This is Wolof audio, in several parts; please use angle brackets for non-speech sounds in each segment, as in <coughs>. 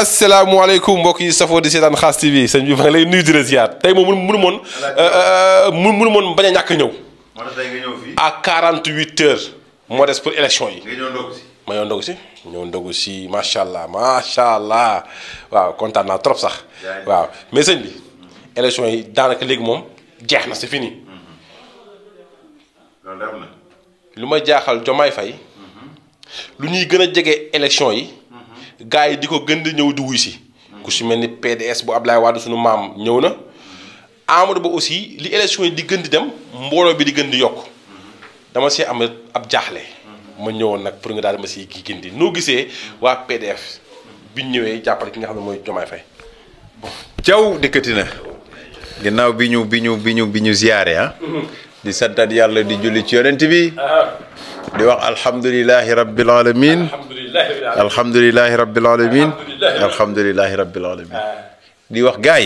asalaamaaleykum mbokk yi safoo di seetaan xaas TV sëñ bi maa ngi lay nuyu di la tey moom mënu mënu moon euh, euh, mënu mënu moon a ñàkk ñëw. moo tax tey nga moo des pour élection yi. nga ndogu si. ñëw ndogu si ñëw macha allah macha allah waaw kontaan naa trop sax. waaw mais sëñ bi. élection yi daanaka léegi moom jeex na c'est fini. Mm-hmm. loolu lu ma jaaxal Diomaye fay mm-hmm. lu ñuy gën a jege élection yi. gars yi di ko gën di ñëw di wuy si. ku si mel ni PDS bu Ablaye Wade suñu maam ñëw na. Amadou Ba aussi li élection yi di gën di dem mbooloo bi di gën di yokk dama see am ab jaaxle. ma ñëwoon nag pour nga daal ma si kii gën di noo gisee waa PDF bi ñu ñëwee jàppale ki nga xam ne mooy Diomaye Faye. jaw dikkati na ginnaaw bi ñu bi ñu bi ñu bi ñu ziyaare ah. di santaat yàlla di julli ci yonent bi. Ah. di wax alhamdulilahi rabbil alamin alhamdulilahi rabbil alamin alhamdulilahi rabbil alamin eh. di wax gars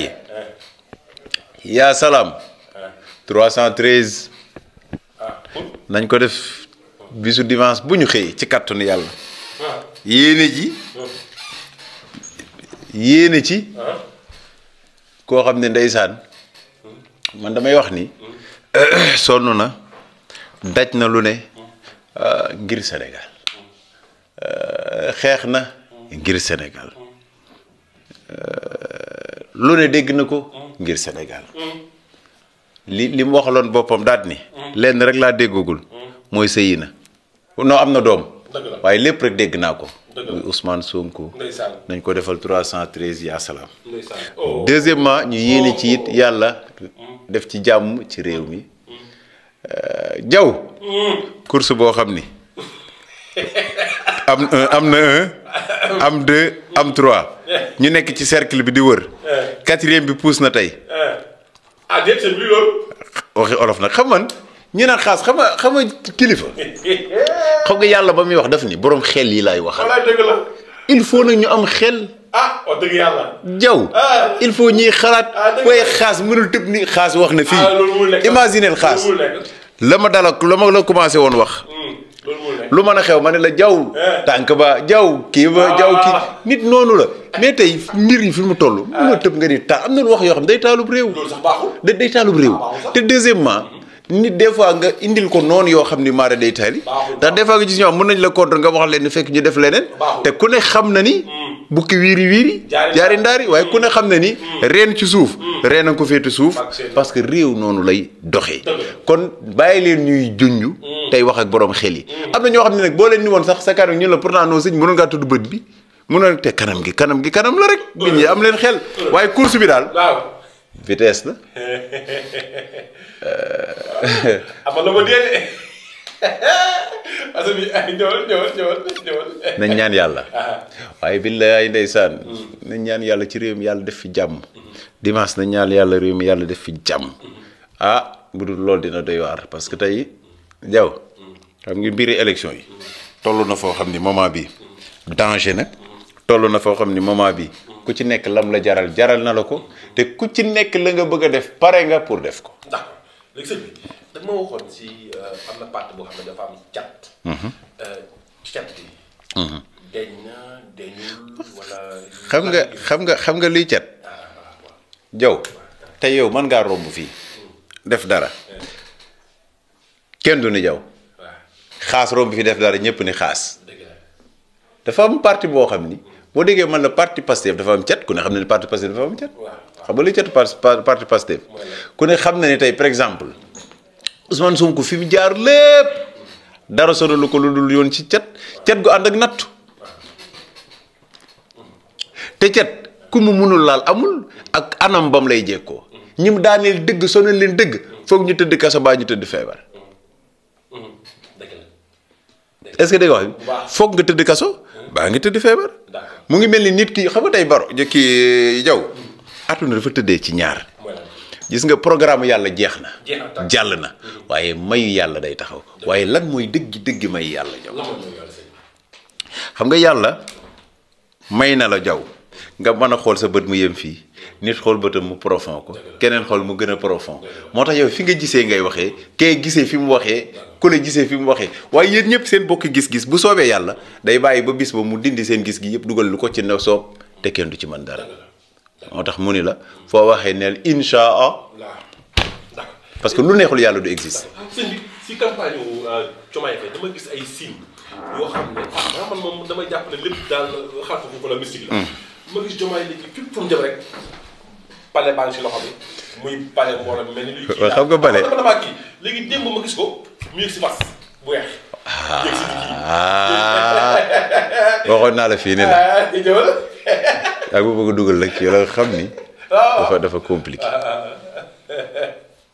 yi yaa salaam 313 nañ ko def bisu dimanche bu ñu xëyee ci kàttanu yàlla ah. yéene ji yéene ci ah. koo xam ne ndeysaan hmm. man damay wax ni hmm. <coughs> sonn na daj na lu ne hmm. ah, ngir Sénégal xeex na ngir Sénégal lu ne dégg na ko ngir Sénégal li li mu waxaloon boppam daat ni lenn rek laa déggagul mooy sëyi na noo am na doom waaye lépp rek dégg naa ko muy Ousmane Sonko nañ ko defal 313 yaa salaam deuxièmement ñu yéene ci it oh. yàlla mm. def ci jàmm ci réew mi jaw mm. euh, mm. course boo xam ni <laughs> am am na am deux am trois ñu nekk ci cercle bi di wër quatrième bi puus na tey. ah déet waxi olof nag xam man ñu naan xaas xama nga xam nga kilifa xam nga yàlla ba muy wax def ni borom xel yi laay wax. la. il faut nag ñu am xel. ah dëgg yàlla. jaw ah. il faut ñuy xalaat. Ah, waaye xaas mënul tëb ni xaas wax na fii. ah loolu xaas. la ma dala la ma la commencé woon wax. lu mën a xew ma ne la jaww eh. tànk ba jaww kii ba jaww kii ah. nit noonu la mais tey mbir yi fi mu toll ah. mënoo tëb nga ni ta am na lu wax yoo xam day taalub réew da day taalub réew ah, te deuxièmement mm-hmm. nit des fois nga indil ko noonu yoo xam ni maara day taali ndax des fois nga gis ñoo xam mën nañ la contre nga wax leen ni fekk ñu def leneen te ku ne xam na ni mm. bukki wiiri wiiri jaari ndaari waaye ku ne xam na ni mm. reen ci suuf mm. reen a ko féete suuf parce que réew noonu lay doxee kon bàyyi leen ñuy junj tey wax ak boroom xel yi. am na ñoo xam ne nag boo leen ni woon sax sa kanam ñu la pourtant non sëñ mënoon ngaa tudd bët bi mënoon te kanam gi kanam gi kanam la rek. nit ñi am leen xel. waaye course bi daal. waaw la. <laughs> amal na <laughs> ñaan yàlla. <laughs> waaye billaay ndeysaan. na ñaan yàlla ci réew mi yàlla def fi jàmm. dimanche nañ ñaan yàlla réew mi yàlla def fi jàmm. ah bu dul loolu dina doy waar parce que tey jaw xam nga mbiri élection toll na foo xam ni moment bi danger na toll na foo xam ni moment bi ku ci nekk lam la jaral jaral na la ko te ku ci nekk la nga bëgg a def pare nga pour def ko. waxoon si euh, am na parti boo xam ne dafa am mhm. euh, mhm. xam nga xam nga xam nga luy cat. jaw ah, te yow mën ngaa romb fii. def dara euh. kenn du ni jaw xaas romb fi def dara ñëpp ni xaas dafa am parti boo xam ni boo déggee man la parti Pastef dafa am cet ku ne xam ne ne parti Pastef dafa am cet xam nga li cetu parti Pastef ku ne xam na ne tey par exemple Ousmane Sonko fi mu jaar lépp dara sonalu ko lu dul yoon ci cet cet gu ànd ak nattu te cet ku mu munul laal amul ak anam bam lay jekkoo ñi mu daaneel dëgg sonal leen dëgg foog ñu tëdd kasa baa ñu tëdd feebar est-ce que dégg wax foog nga tëdd kaso baa ngi tëdd feebar mu ngi mel ni nit ki xam nga tey baro jëkki eh, jaw àdduna dafa tëddee ci ñaar gis nga programme yàlla jeex na jàll na mm-hmm. waaye mayu yàlla day taxaw waaye lan mooy dëgg dëgg may yàlla jaw xam nga yàlla may na la jaw nga mën a xool sa bët mu yem fii nit xool bëtam mu profond ko keneen xool mu gën a profond moo tax yow fi nga gisee ngay waxee kee gisee fi mu waxee ku la gisee fi mu waxee waaye yéen ñëpp seen bokk gis-gis bu soobee yàlla day bàyyi ba bis ba mu dindi seen gis gi yëpp dugal lu ko ci na soob te kenn du ci man dara moo tax mu ni la foo waxee neel insha allah parce que lu neexul yàlla du existe. Ah, si campagne euh, gis ay signes yoo xam ne ah man moom hmm. rek. pale baa ah. naa la fii ne la ah, jëwal ak bu bëgg dugal nag ci la nga xam ni ah. dafa dafa compliqué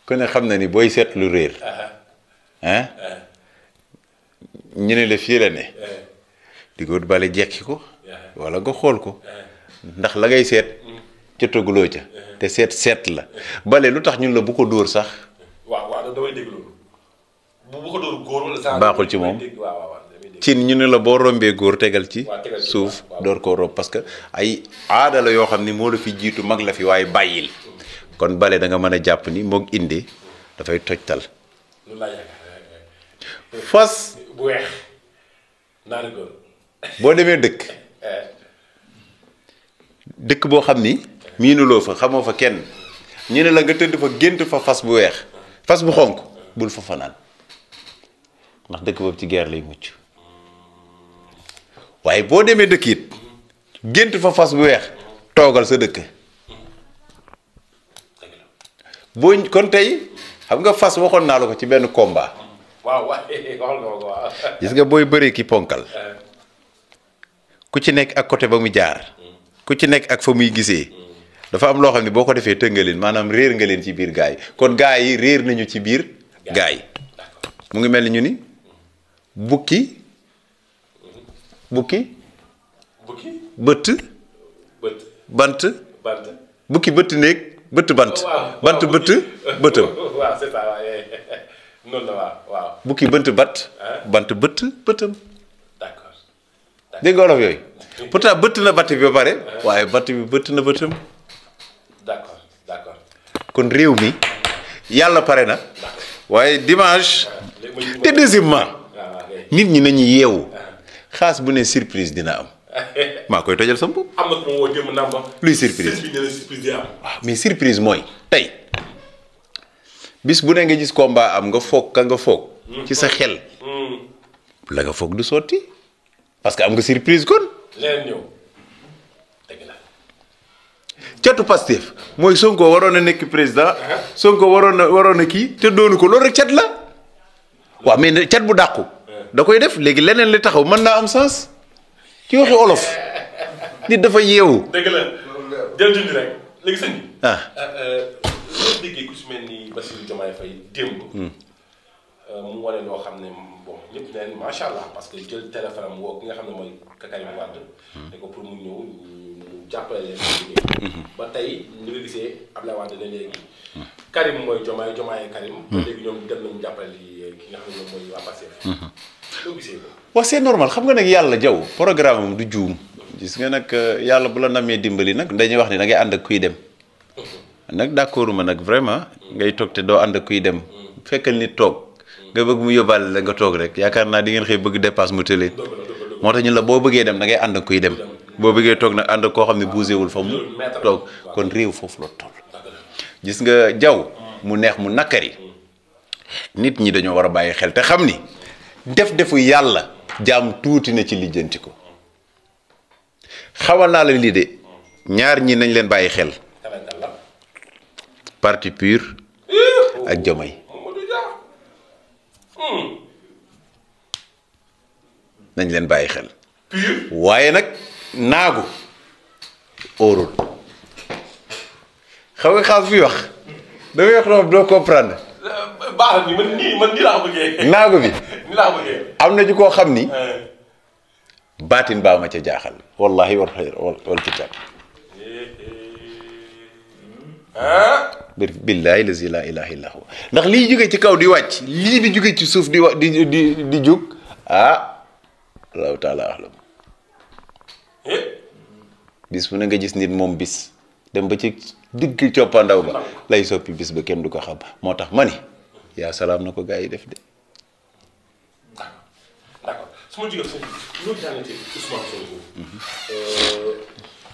ku ne xam na ni booy seet lu réer ah ñu ne la fii la ne eh. di ko bale jekki ko wala nga xool ko ndax la ngay seet ca tëggaloo ca te seet seet la bale lu tax ñun la bu ko dóor sax. waaw baaxul ci moom. cin ñu ne la boo rombee góor tegal ci suuf door koo rob parce que ay aadala yoo xam ni moo la fi jiitu mag la fi waaye bàyyil kon bale da nga mën a jàpp ni moog indi dafay tojtal eh, eh. fas boo demee dëkk eh. dëkk boo xam ni miinuloo fa xamoo fa kenn ñu ne la nga tëdd fa gént fa fas bu weex fas bu xonk bul fa fanaan ndax dëkk boobu ci guerre lay mucc waaye boo demee dëkk gént fa fas bu weex toogal sa dëkk boo kon tey xam nga fas waxoon naa la ko ci benn combat waaw gis nga booy bëree ki ponkal eh. ku ci nekk ak côté ba mu jaar mm. ku ci nekk ak fa muy gisee dafa am loo xam ne boo ko defee tënga leen maanaam réer nga leen ci biir gaa yi kon gaa yi réer nañu ci biir gaa yi mu ngi mel ni ñu ni bukki bukki bëtt bant bukki bëtt bëttam bukki bënt bat bant bëtt bëttam d'accord dégg nga yooyu pourtant bëtt na batt bi ba pare waaye batt bi bëtt na bëttam kon réew mi yàlla pare na waaye dimanche te deuxièmement nit ñi nañu yeewu xaas bu ne surprise dina am maa koy tojal sama bopp. am luy surprise ah, mais surprise mooy tey bis bu ne nga gis combat am nga foog ka nga foog. Hmm. ci sa xel. Hmm. la nga foog du sotti parce que am nga surprise kon. catu Pastef mooy Sonko waroon a nekk président Sonko waroon a waroon a kii te doonu ko loolu rek cat la waaw mais cat bu dàqu da koy def léegi leneen li taxaw man naa am sens ci waxi olof nit dafa yeewu. dëgg la jël junj rek ku si mel ni Bassirou bon ñëpp neen macha allah parce que jël téléphone am ki nga xam ne mooy Kakarim Wade. Hmm. ne ko pour mu jàppale leen liggéey. Hmm. Hmm. mooy Jomaay Jomaay Karim. ba léegi ñoom dem nañu jàppale ki nga xam ne mooy waa Pastef. loo gisee ko. waaw c'est normal xam nga nag yàlla jaw programme am du juum. gis nga nag euh, yàlla bu la namee dimbali nag dañuy wax ni dangay ngay ànd ak kuy dem. nag d'accord ma nag vraiment. ngay toog te doo ànd ak kuy dem. fekkal nit toog. nga bëgg mu yóbbaale la nga toog rek yaakaar naa di ngeen xëy bëgg dépasse mu tëlee moo tax ñu la boo bëggee dem da ngay ànd ak kuy dem boo bëggee toog nag ànd ak koo xam ne bougé wul fa mu toog kon réew foofu la toll gis nga jaww mu neex mu nakkari nit ñi dañoo war a bàyyi xel te xam ni def defu yàlla jaam tuuti na ci lijjanti ko xawal naa la lii de ñaar ñi nañ leen bàyyi xel parti pur ak jomay nañ leen bàyyi xel. waaye nag naagu óorul xam nga xaas buy wax dafay wax noonu doo comprendre. baax na man nii man nii laa bëggee. naagu bi <laughs> nii laa bëggee. am na ñu koo xam ni. Eh. baatin baa ma ca jaaxal wallahi wal xayr wal kitaab eh. eh. billahi lazi la ilaha illa huwa ndax liy jóge ci kaw di wàcc lii di jóge ci suuf di wa di di di jóg ah. allahu taala ahlam eh? bis bu ne nga gis nit moom bis dem ba ci digg coppandaw ba lay soppi bis ba kenn du ko xam moo tax ma ni yaa salaam na ko gaa yi def de. d'accord su mhm. euh,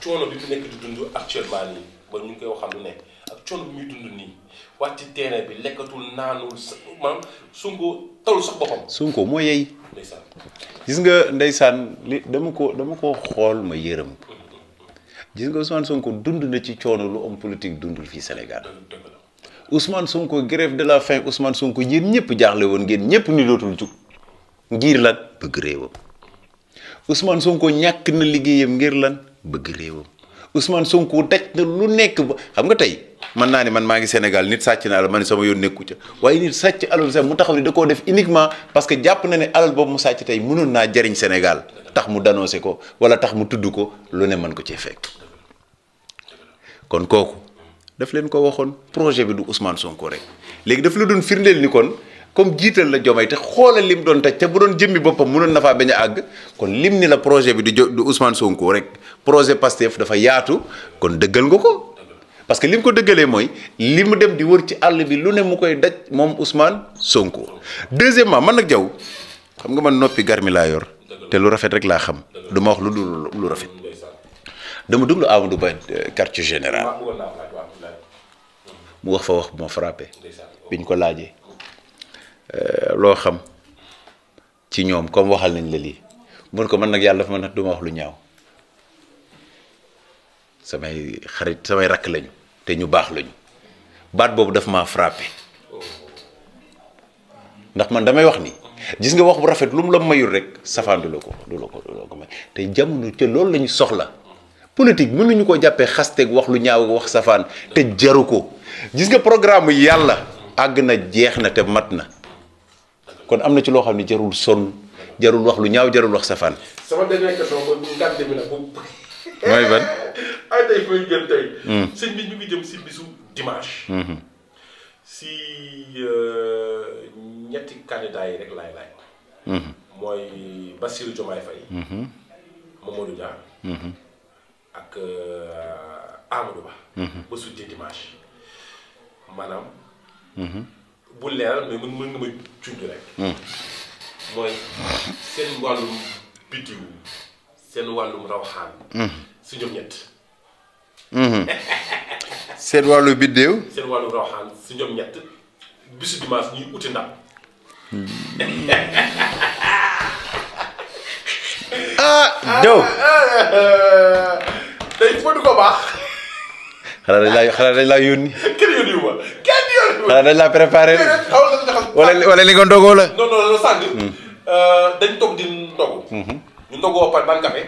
coono bi mu nekk di dund actuellement nii ba ñu ngi koy waxam lu nekk ak coono bi muy dund nii. wàcc ci terrain bi lekkatul naanul sa maanaam Sonko talul sax moo yey. gis nga ndeysaan li dama ko dama ko xool ma yërëm. gis nga Ousmane Sonko dund na ci coono lu homme politique dundul fii Sénégal. Ousmane Sonko grève de la faim Ousmane Sonko yéen ñëpp jaaxle woon ngeen ñëpp ni dootul jug ngir Sonko ñàkk na liggéeyam ngir lan bëgg réewam Ousmane Sonko daj na lu nekk ba xam nga tey. mën naa ne man maa ngi Sénégal nit sàcc na alal ma sama yoon nekku ca waaye nit sàcc alal mu taxaw ni da koo def uniquement parce que jàpp na ne alal boobu mu sàcc tey mënoon naa jariñ Sénégal tax mu dénoncé ko wala tax mu tudd ko lu ne man ko cee fekk kon kooku daf leen ko waxoon projet bi du Ousmane Sonko rek léegi daf la doon firndeel ni kon comme jiital la Diomaye te xoolal lim doon taj te bu doon jëmmi boppam mënoon na faa bañ àgg kon lim ni la projet bi du du Ousmane Sonko rek projet Pastef dafa yaatu kon dëggal nga ko. parce que li mu ko dëggalee mooy li mu dem di wër ci àll bi lu ne mu koy daj moom Ousmane Sonko. deuxièmement man nag jaw xam nga man noppi garmi laa yor te lu rafet rek laa xam du ma wax lu dul lu rafet dama déglu Amadou Ba euh, quartier général mu wax fa wax bu ma frappé biñ ko laajee euh, loo xam ci ñoom comme waxal nañ la lii mun ko man nag yàlla dafa mën a du ma wax lu ñaaw. samay xarit samay rakk lañu te ñu baax lañu baat boobu dafa ma frappé ndax man damay wax ni gis nga wax bu rafet lu mu la mayul rek safaan du la ko du la ko du la ko may te jamono te loolu lañu soxla politique mënuñu ko jàppee xasteeg wax lu ñaaw wax safaan te jaru ko gis nga programme yàlla àgg na jeex na te mat na kon am na ci loo xam ne jarul sonn jarul wax lu ñaaw jarul wax safaan. mooy ban. <laughs> ay tey fooy jëm hmm. bi ñu ngi jëm si bisu dimanche. Hmm. si euh, ñetti candidats rek laay laaj. Hmm. mooy Bassirou Diomaye Faye. Mamadou Dia. ak euh, Amadou Ba. ba su dimanche maanaam. bu leeral mais mën nga ma junj rek. mooy seen wàllum biddiw seen wàllum rawxaan. si ñoom ñett. Mm-hmm. <laughs> seen wàllu biddéew. seen wàllu roxaan su ñoom ñett bisu dimanche ñuy uti ndam. Mm-hmm. <laughs> ah Diop. <laughs> tey foofu du ko baax. xanaa dañ laa xanaa dañ laa yónni. kenn yónni ma kenn yónni wu ma. xanaa dañ laa préparé. wala wala li nga la. non non non sànq. Mm-hmm. Euh, dañ toog di ndogu. ñu ndogoo par ban café.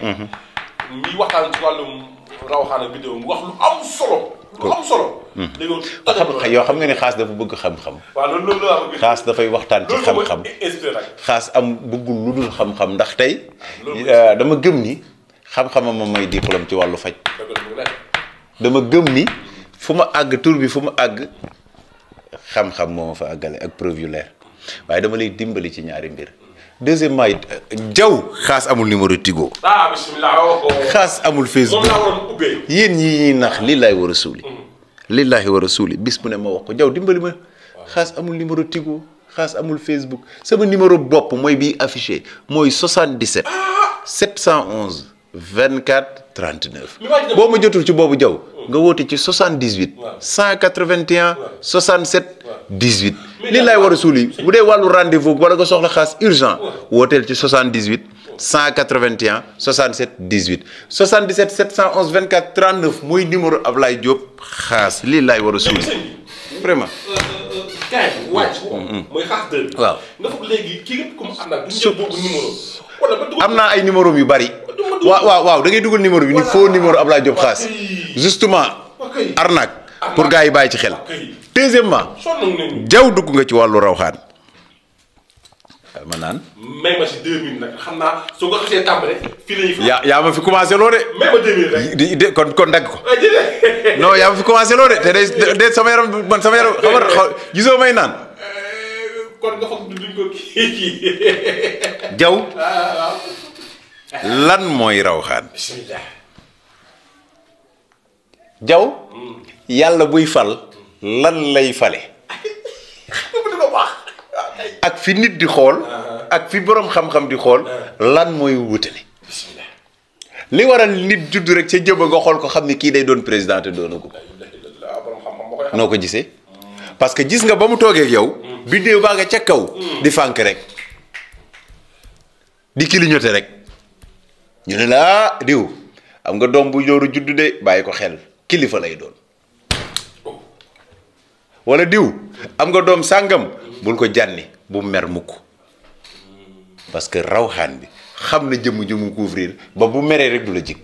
ñuy waxtaan ci wàllum. rawaxaana vidéo mu wax lu am solo. lu am solo. Hmm. léegi yoo xam nga ne xaas dafa bëgg xam-xam. xaas dafay waxtaan ci xam-xam xaas am bëggul lu dul xam-xam ndax tey. Euh, dama gëm ni xam-xamam ma may diplôme ci wàllu faj. dama gëm ni fu ma àgg tur bi fu ma àgg xam-xam moo ma fa àggale ak preuve waaye dama lay dimbali ci ñaari mbir. deuxièmement it jaw xaas amul numéro Tigo. ah oh, oh. xaas amul Facebook moom laa waroon ubbee. yéen ñii ñuy nax lillaahi wa rasuuli. Mm-hmm. lillaahi wa rasuuli bis mu ne ma wax ko jaw dimbali ma. xaas amul numéro Tigo xaas amul Facebook sama numéro bopp mooy bii affiché mooy 77. 711 24 39. boo ma jotul ci boobu jaw mm. nga woote ci 78. 181 67 18. lii lay war a suuli bu dee wàllu rendez-vous wala nga soxla xaas urgent wooteel ci 78 181 67 18 77 711 24 39 mooy numéro Ablaye Diop xaas lii laay war a suul vraiment. xaas dëgg. waaw nga foog léegi am naa ay numéro yu bari. waaw waaw waaw da ngay dugal numéro bi ni faux numéro Ablaye Diop xaas. justement arnaque pour gars yi bàyyi ci xel. deuxièmement jaw dugg nga ci wàllu rawxaan ah, ma naan. may ma si deux minutes yaa ma fi commencé loo de. kon kon dagg ko. Ah, non yaa ma fi commencé loo de te day <laughs> sama yaram man sama yaram xam gisoo may naan. Euh, jaw <laughs> ah, lan mooy rawxaan. bismillah jaw hmm. yàlla buy fal. lan lay fale ak fi nit di xool uh-huh. ak fi boroom xam-xam di xool uh-huh. lan mooy wutale li waral nit judd rek ca jëba nga xool ko xam ni kii day doon président te doona ko noo ko gisee parce que gis nga ba mu toogee yow mm. biddéew baa nga ca kaw mm. di fànk rek di kiliñote rek ñu ne la ah, diw am nga doom bu jooru judd de bàyyi ko xel kilifa lay doon wala diw am nga doom sàngam bul ko jànni bu mer mukk parce que rawxaan bi xam na jëmm ji mu couvrir ba bu meree rek du la jig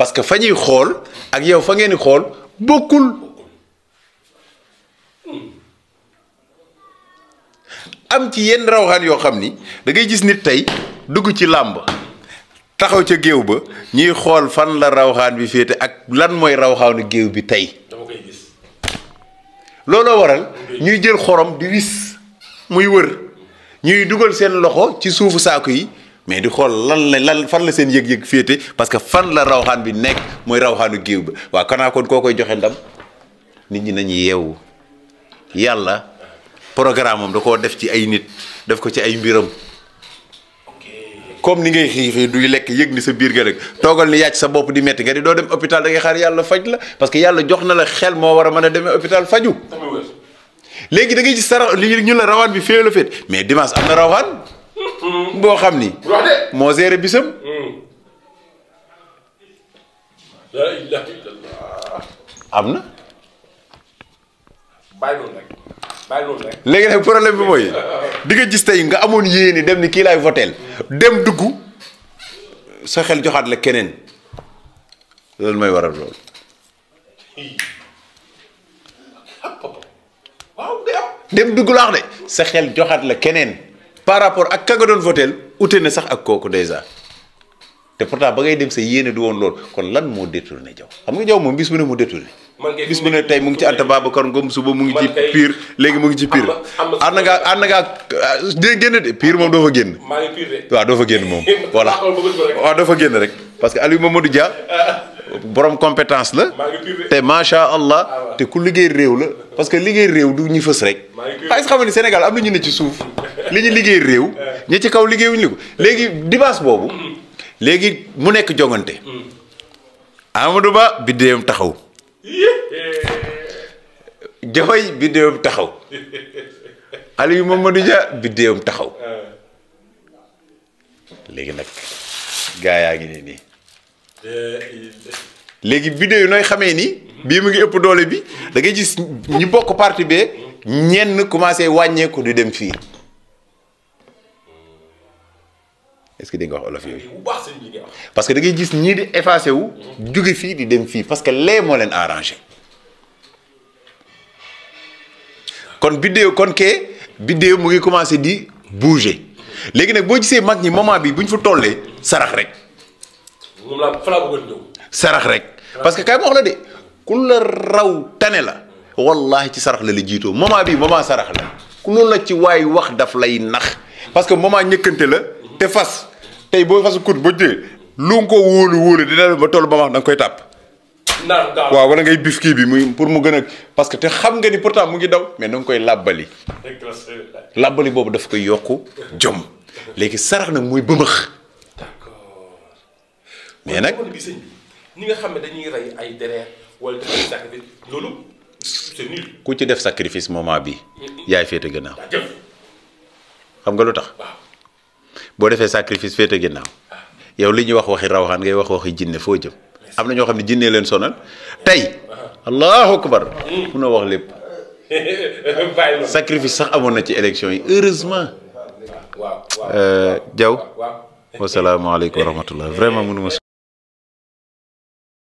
parce que fa ñuy xool ak yow fa ngeen xool bokkul am ci yenn rawxaan yoo xam ni dangay gis nit tey dugg ci làmb taxaw ca géew ba ñuy xool fan la rawxaan bi féete ak lan mooy rawxaanu géew bi tey looloo waral ñuy jël xorom di wis muy wër ñuy dugal seen loxo ci suufu saaku yi mais di xool lan la lan fan la seen yëg-yëg féete parce que fan la rawxaan bi nekk mooy rawxaanu géew bi waaw kanaa koo koy joxe ndam nit ñi nañu yeewu yàlla programme am da koo def ci ay nit def ko ci ay mbiram comme ni ngay xiifee duy lekk yëg ni sa biir ga rek toogal ni yàcc sa bopp di metti nga di doo dem hôpital da ngay xaar yàlla faj la parce que yàlla jox na la xel moo war a mën a demee hôpital faju léegi da ngay gis sa li ñu la rawaan bi féew la mais dimanche am na rawaan boo xam ni moo gérer bisam hmm. am na léegi nag problème bi mooy di nga gis tey nga amoon yéene dem ni kii laay voteel dem duggu sa xel joxaat la keneen loolu mooy waral loolu. dem dugg laax de sa xel joxaat la keneen par rapport ak ka nga doon voteel ute na sax ak kooku déjà. te pourtant ba ngay dem sa yéene du woon lool kon lan moo détourné jaw xam nga jaw moom bis bu ne mu détourné bis bu ne tey mu ngi ci Anta Babacar Ngom suba mu ngi ci Pire léegi mu ngi ci Pire ànd nga ànd nga dé génn de Pire moom doo fa génn waaw doo fa génn moom <laughs> voilà waaw doo fa génn rek parce que Aliou du jaa <laughs> borom compétence la te macha allah ah, te ku liggéey réew la parce que liggéey réew du ñu fës rek xaalis xam ne Sénégal am na ñu ne ci suuf <laughs> li ñu liggéey réew eh. ñi ci kaw liggéeyuñu ko léegi dibaas boobu mm. léegi mu nekk jongante Amadou Ba biddéewam taxaw Diomaye biddéewam taxaw Aliou Mamadou Dia biddéewam taxaw léegi nag gaa yaa ngi nii nii léegi biddéew yi nooy xamee ni bii mu ngi ëpp doole bi da ngay gis ñi bokk parti bee ñenn commencé wàññeeku di dem fii est que dégg bu baax seen liggéey parce que da ngay gis ñii di effacé wu. Mm-hmm. jóge fii di dem fii parce que lee moo leen arrangé. kon biddéew kon kee biddéew mu ngi commencé di bouger léegi nag boo gisee mag ñi moment bi bu ñu fa tollee sarax rek. moom rek parce que kay ma wax la de ku la raw tane la wallahi ci sarax la la jiitoo moment bi moment sarax la ku loolu la ci waay wax daf lay nax parce que moment ñëkkante la te fas. tey boo fasu kut ba jëlee lu nga ko wóolu wóolu dina dem ba toll ba wax da nga koy tàpp. waaw wala ngay bif kii bi muy pour mu gën a parce que te xam nga ni pourtant mu ngi daw mais na nga koy làbbali làbbali boobu daf koy yokk jom léegi sarax nag muy bëmëx. mais nag ñi nga xam ne dañuy rey ay dereet wala dañuy sacrifice ku ci def sacrifice moment bi yaay féete a xam nga lu tax. boo defee sacrifice féete ginnaaw yow li ñuy wax waxi xaan ngay wax waxi jinne foo jëm am na ñoo xam ne jinne leen sonal tey allahu akbar mun a wax lépp <laughs> sacrifice sax amoon na ci élection yi heureusement euh, Diaw wasalaamaaleykum wa rahmatullah vraiment mënuma <laughs>